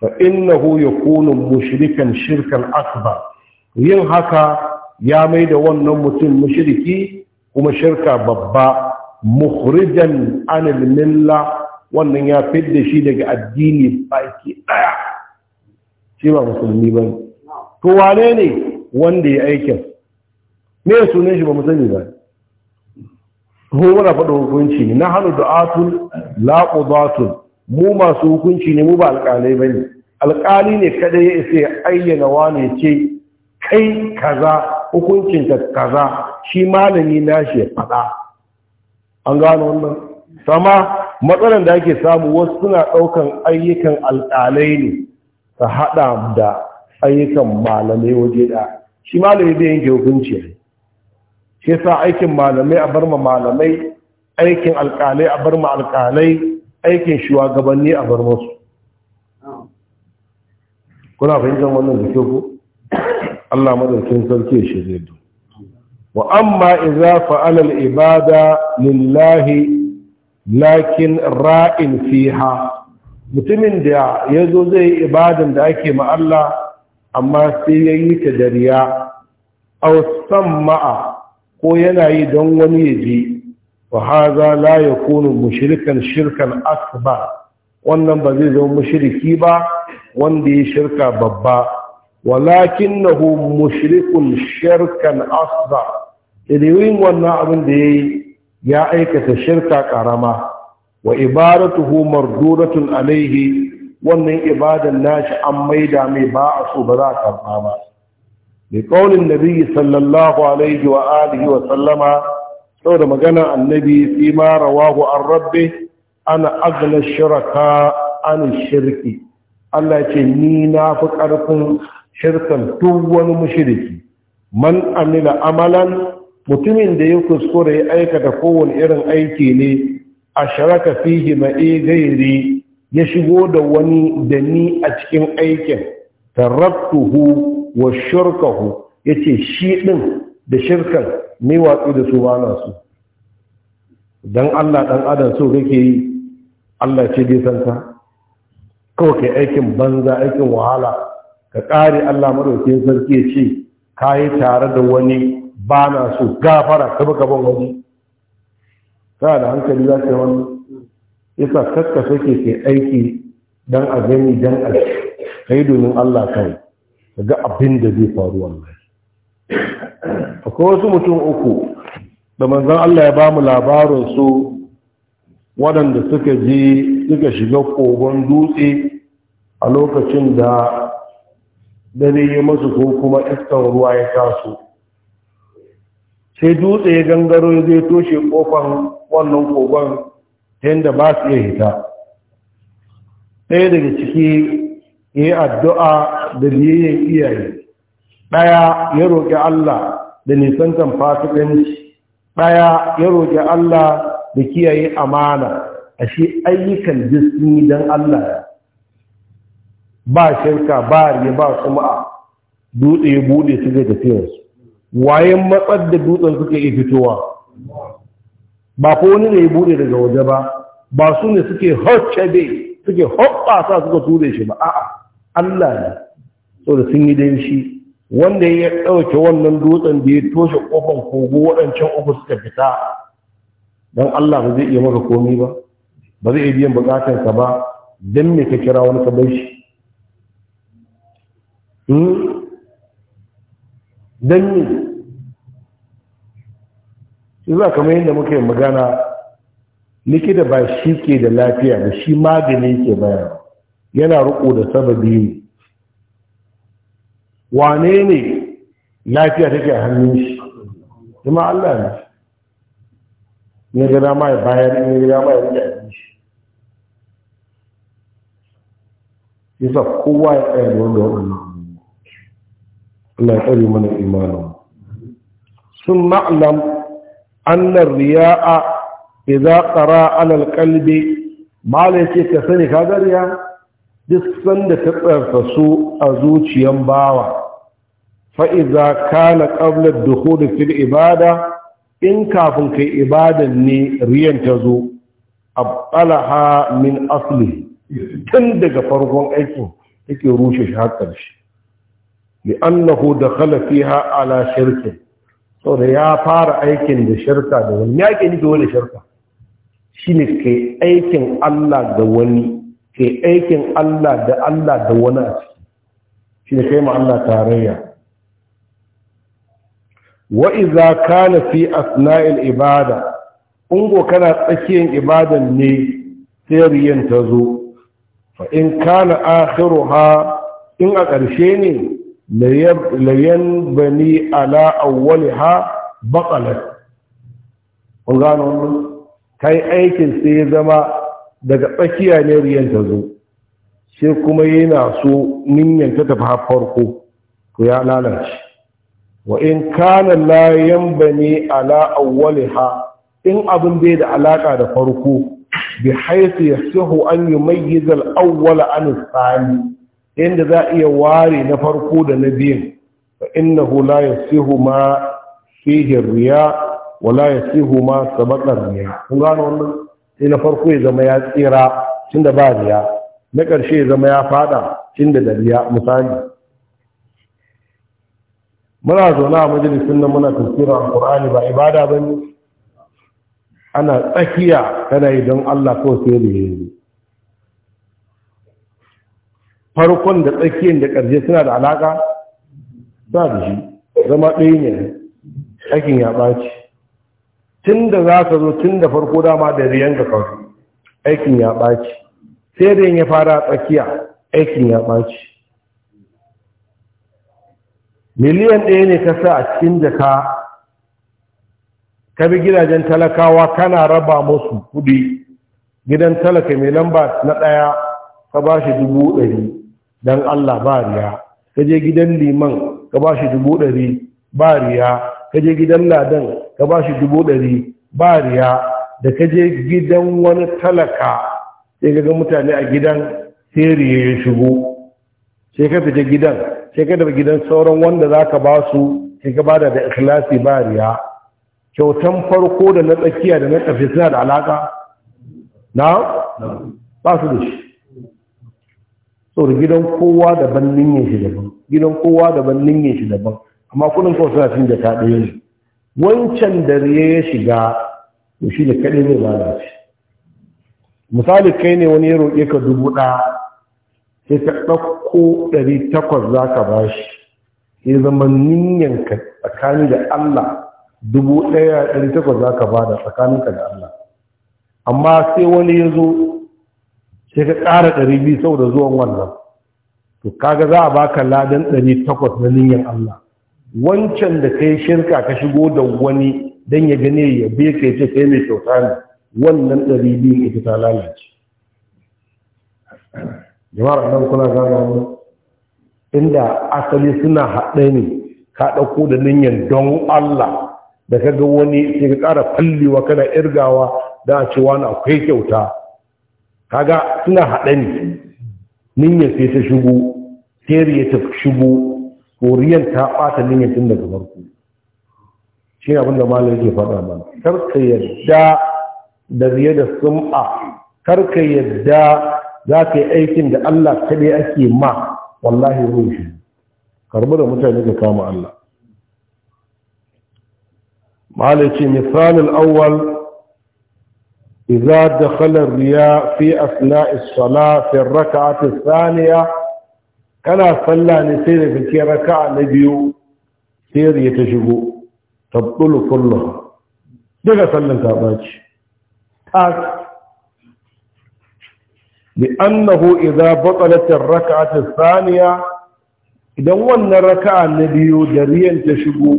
[SPEAKER 1] fa innahu yakunu mushrikan shirkan akbar yin haka ya mai da wannan mutum mushriki kuma shirka babba mukhrijan anil milla wannan ya fidda shi daga addini baki daya shi ba musulmi ba. to wane ne wanda ya aikin me sunan shi ba mu sani ba mu muna faɗa hukunci na hannu du'atul laqudatun mu masu hukunci ne mu ba alƙalai ba ne. alƙali ne kada ya isa ya ayyana wane ce kai kaza hukuncin ka kaza shi malami na ya faɗa an gano wannan sama matsalar da ake samu wasu suna ɗaukan ayyukan alƙalai ne ta haɗa da ayyukan malamai waje da shi malami bai yanke hukunci ne shi sa aikin malamai a barma malamai aikin alƙalai a barma alƙalai aikin shugabanni a bar musu kuna fahimtar wannan da ku Allah madaukin sarki ya zai da wa amma idza fa'ala al-ibada lillahi lakin ra'in fiha mutumin da yazo zai ibadan da ake ma Allah amma sai yayi ta dariya aw samma'a. ko yana yi don wani ya je, wa haza la yakunu mushrikan shirkan akbar wannan ba zai zama mushriki ba wanda ya shirka babba walakinahu mushrikun shirkan asghar idan wannan abin da yayi ya aikata shirka karama wa ibaratuhu marduratun alaihi wannan ibadan nashi an maida mai ba a so ba za a karba ba بقول النبي صلى الله عليه وآله وسلم سورة مجانا النبي فيما رواه عن ربه أنا أغنى الشركاء عن الشرك الله يتني نافق أركم شركا تول مشرك من أمل أملا متمن da ya kuskure تقول aikata kowane irin aiki ne a sharaka fihi ma'i gairi ya shigo da wani wa shirkahu yace shi ɗin da shirkan ne watsi da su bana su dan Allah dan adam so kake yi Allah ce dai san ka kawai kai aikin banza aikin wahala ka kare Allah madaukakin sarki ya ce kayi tare da wani bana su gafara kaba kaban wani kana da hankali za ka yi yasa kakka sake ke aiki dan a gani dan a kai domin Allah kai ga abin da zai faru wallahi akwai wasu mutum uku da manzan Allah ya ba mu labarin su waɗanda suka je suka shiga kogon dutse a lokacin da dare ya masu ko kuma iskan ruwa ya taso sai dutse ya gangaro ya zai toshe kofan wannan kogon ta yadda ba su iya hita ɗaya daga ciki yi addu'a da biyayyen iyaye ɗaya ya roƙi Allah da nisantan fasikanci ɗaya ya roƙi Allah da kiyaye amana a shi ayyukan jisni don Allah ba shirka ba ya ba suma'a dutse ya buɗe su ga tafiyarsu wayan matsar da dutsen suke iya fitowa ba ko wani da ya buɗe daga waje ba ba su ne suke hocce suke hoɓɓasa suka ture shi ba a'a Allah ne saboda sun yi danshi wanda ya ɗauke wannan dutsen da ya toshe ƙofan kogo waɗancan uku suka fita don Allah ba zai iya maka komi ba ba zai iya biyan bukatarsa ba don me ka kira wani ka bar shi hmm? don me shi za kamar yadda muka yi magana likita ba shi ke da lafiya ba shi magani ke bayarwa yana ruku da sababi ne wane ne lafiya take a hannun shi kuma Allah ne ne ga dama ya bayar ne ga dama ma ya rike abin shi yasa kowa ya tsaye da wanda waɗannan Allah ya tsare mana imanin sun ma'lam annar riya'a idza qara ala alqalbi mala yace ka sani ka ga duk sanda ta su a zuciyan bawa fa'iza kana ƙablar duhudu fil ibada in kafin kai ibadan ne riyan ta zo abbalaha min asli tun daga farkon aikin yake rushe shi har ƙarshe annahu da fiha ala shirkin sau da ya fara aikin da shirka da wani yaƙin da wani shirka shi ne kai aikin allah da wani ke aikin Allah da Allah da wani a ciki shi ne kai Allah tarayya wa iza kana fi asna'il ibada Unguwa kana tsakiyar ibadan ne sai ta zo fa in kana akhiruha in a ƙarshe ne layan bani ala awwaliha baqalat kun gano wannan kai aikin sai ya zama daga tsakiya ne riyan ta zo sai kuma yana so ninyan ta tafi farko to ya lalace wa in kana la yanbani ala awwalha in abin bai da alaka da farko bi haythu yasihu an yumayyiz al-awwal an thani inda za iya ware na farko da na biyan fa innahu la yasihu ma fihi riya wa la yasihu ma sabaqa riya kun gano wannan sai na farko ya zama ya tsira tun da ba riya na ƙarshe ya zama ya fada tun da dariya misali muna zaune a majalisun nan muna tafsirar alƙur'ani ba ibada ba ne ana tsakiya kana yi don Allah ko sai da yanzu farkon da tsakiyar da ƙarshe suna da alaƙa ba da shi zama ɗaya ne aikin ya ɓaci tun da za ka zo tun da farko dama da riyan ka kawai aikin ya ɓaci sai da ya fara tsakiya aikin ya ɓaci miliyan ɗaya ne ka sa a cikin jaka ka bi gidajen talakawa kana raba musu kuɗi gidan talaka mai lamba na ɗaya ka ba shi dubu ɗari don allah ba riya ka je gidan liman ka ba shi dubu ɗari ba riya ka je gidan ladan ka ba shi dubu ɗari ba riya da ka je gidan wani talaka sai ga mutane a gidan sai ya shigo sai ka fita gidan sai ka daga gidan sauran wanda za ka ba su sai ka bada da ikhlasi ba riya kyautan farko da na tsakiya da na tafi suna da alaka na ba su da shi saboda gidan kowa daban ninyin shi daban gidan kowa daban ninyin shi daban amma kudin kawai suna cin jaka ɗaya ne wancan da ya shiga to shi ne kaɗai zai lalace misali kai ne wani ya roƙe ka dubu ɗaya sai ka ɗauko ɗari takwas za ka ba shi ya zama ninyanka tsakani da Allah dubu ɗaya ɗari takwas za ka ba da tsakaninka da Allah amma sai wani ya zo sai ka ƙara ɗari biyu saboda zuwan wannan to kaga za a baka ladan ɗari takwas na ninyan Allah wancan da kai shirka ka shigo da wani dan ya gane ya be kai ce kai mai kyauta ne wannan ɗari biyu ita ta lalace jama'ar annan kuna gana mu inda asali suna haɗe ne ka ɗauko da niyyar don Allah da ka ga wani sai ka ƙara fallewa kana irgawa da a ce wani akwai kyauta kaga suna haɗe ne niyyar sai ta shigo sai ya ta shigo koriyar ta ɓata niyyar tun daga farko shi abinda malam yake faɗa mana kar ka yadda da riya da sum'a kar ka yadda za ka yi aikin da Allah kaɗai ake ma wallahi ruhi karbi da mutane ka kama Allah malam ce misalin awwal إذا دخل الرياء في أثناء الصلاة في الركعة الثانية kana sallah ne sai da kake raka'a na biyu sai ya ta shigo tabdulu daga sallan ta baci tas bi annahu idza batalat ar-rak'at idan wannan raka'a na biyu da riyan ta shigo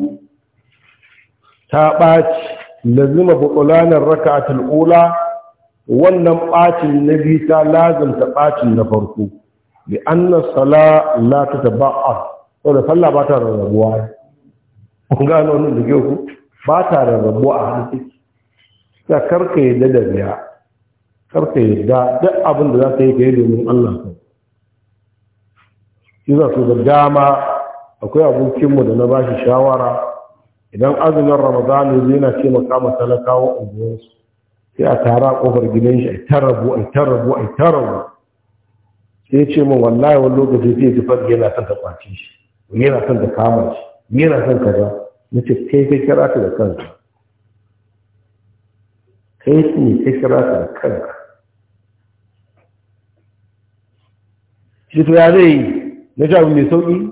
[SPEAKER 1] ta ɓaci, na zuma ar-rak'at al-ula wannan bacin na biyu ta lazim ta bacin na farko bi anna sala la to saboda sallah ba ta rabuwa kun ga nan da ku ba ta rabuwa a hadisi ya karka yadda da biya karka yadda duk abin da za ka yi ka yi domin Allah ka shi za su da dama akwai abokinmu da na ba shi shawara idan azumin ramadan zai na ce maka wa unguwarsu sai a tara kofar gidan shi a tarabu a tarabu a tarabu sai ce min wallahi wani lokaci zai ji fadi yana son ta kwace shi yana son da kama shi yana son ba na ce kai kai kira ka da kanka kai ne kai kira ka da kanka shi ya zai yi na ce abu mai sauƙi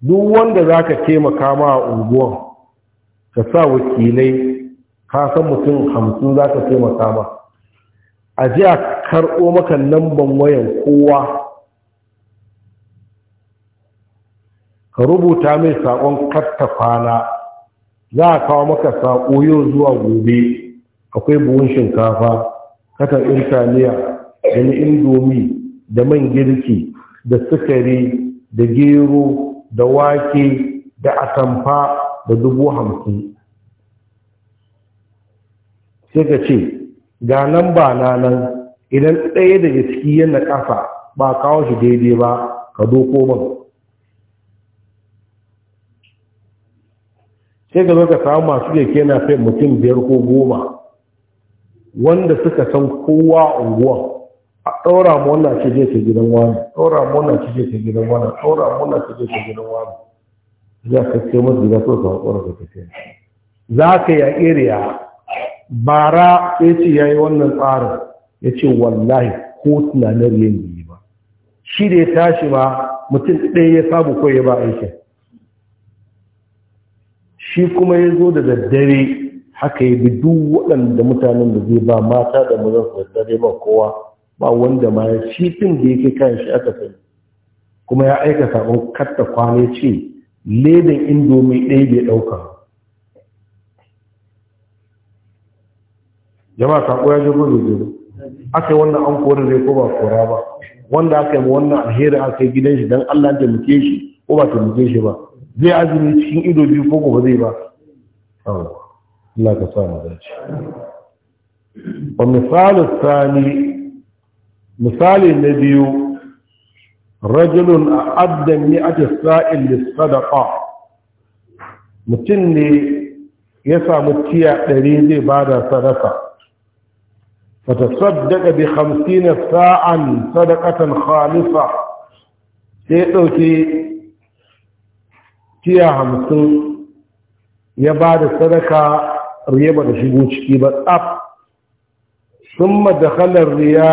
[SPEAKER 1] duk wanda za ka taimaka ma a unguwan ka sa wakilai ka san mutum hamsin za ka taimaka ma a jiya. karɓo maka lamban wayan kowa ka rubuta mai saƙon karta kwana za a kawo maka saƙo yau zuwa gobe akwai buhun shinkafa katar intaniya da na indomi da man girki da sukari da gero da wake da atamfa da dubu hamsin sai ka ce ga nan ba na nan idan ɗaya daga ciki yana ƙasa ba kawo shi daidai ba ka doko ban sai ga ka samu masu yake na fai mutum biyar ko goma wanda suka san kowa unguwa a ɗaura mu wannan ce je ce gidan wani ɗaura mu wannan ce je ce gidan wani ɗaura mu wannan ce je ce gidan wani za ka ce masu gida so ka haƙura ka tafiya za ka yi a iriya bara ya ce ya yi wannan tsarin ya ce wallahi ko na riyan ba shi da ya tashi ba mutum ɗaya ya samu ko ya ba aikin shi kuma ya zo da daddare haka ya bi duk waɗanda mutanen da zai ba mata da mazan su daddare ba kowa ba wanda ma ya shi fin da yake kan shi aka sani kuma ya aika sabon katta kwana ce ledan indomi ɗaya bai ɗauka jama'a saƙo ya jirgin aka yi wannan an kori zai ko ba kora ba wanda aka yi wannan alheri aka yi gidan shi don Allah ta muke shi ko ba ta muke shi ba zai azumi cikin ido biyu ko ba zai ba Allah ka sa mu dace wa sani misali na biyu rajulun a addan mi'ati sa'il lis sadaka mutum ne ya samu tiya ɗari zai bada sadaka fatasaddaqa bi 50 sa'an sadakatan khalisa sai dauki tiya 50 ya ba da sadaka riya ba da shigo ciki ba tsaf thumma dakhala riya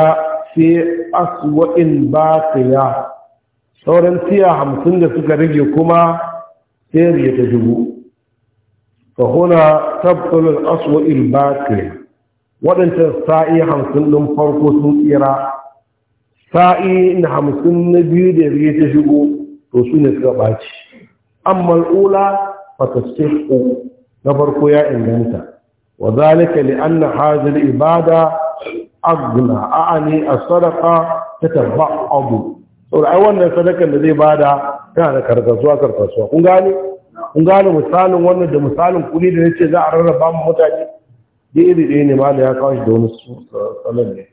[SPEAKER 1] fi aswa'in baqiya sauran tiya 50 da suka rage kuma sai riya ta dubu fa waɗancan sa'i hamsin ɗin farko sun tsira sa'i na hamsin na biyu da ya ta shigo to su ne suka ɓaci amma al'ula fatasfihu na farko ya inganta wa zalika li na hajjar ibada agna a'ani as-sadaqa tatabba'u saboda ai wannan sadakan da zai bada tana da karkasuwa karkasuwa kun gane kun gane misalin wannan da misalin kuɗi da nace za a rarraba mu mutane da iri ɗaya ne ma da ya kawo shi da wani eh, tsanan ne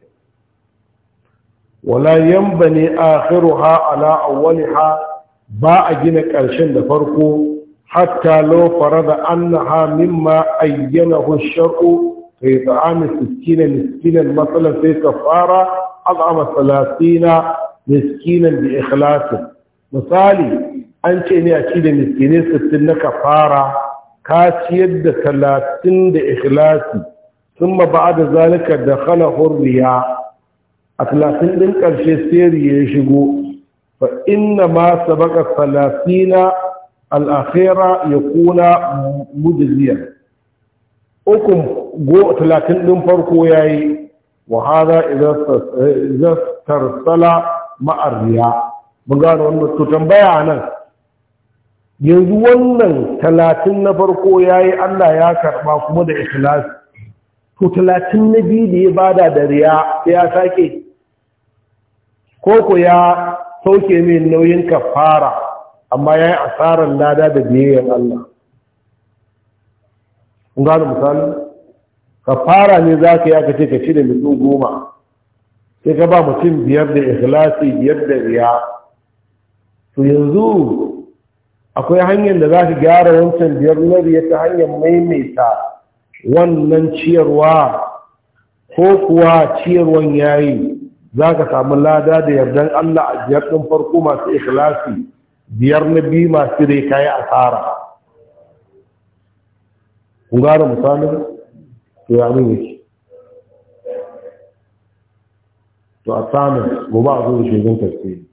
[SPEAKER 1] wala yamba ne akhiruha ala awwaliha ba a gina ƙarshen da farko hatta law farada annaha mimma ayyanahu 60 miskinan masalan sai kafara az'ama 30 miskinan bi ikhlasin misali an ce ne a ci da 60 na kafara ka ciyar da talatin da ikhlasi sun ma da zaluka da khala hurriya a talatin ɗin ƙarshe seri ya shigo fa inna ma sabaka talatina al'akhira ya kuna mujiziyar ukun go talatin ɗin farko ya yi wa hada idan tarsala ma'arriya mun gano wannan to tambaya nan yanzu wannan talatin na farko ya yi allah ya karɓa kuma da ikhlasi to talatin na biyu da ya bada da riya ya sake koko ya sauke mai nauyin kafara amma ya yi asarar lada da biyayyar Allah gano misali kafara ne za ka yi aka ce ka ci da mutum goma sai ka ba mutum biyar da ikhlasi biyar da riya to yanzu akwai hanyar da za ka gyara wancan biyar na riya ta hanyar maimaita wannan ciyarwa ko kuwa ciyarwan yayi za ka samu lada da yardan Allah a biyar ɗin farko masu ikilasi biyar na biyu masu rai kayi asara kun gane misalin to ya nuna shi to a samun gobe a zo da shirin tafsiri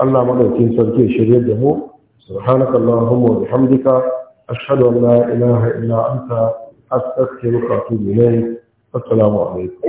[SPEAKER 1] Allah maɗaukin sarki shirye da mu subhanakallahumma wa bihamdika ashhadu an la ilaha illa anta أستغفرك وأتوب
[SPEAKER 2] إليك السلام عليكم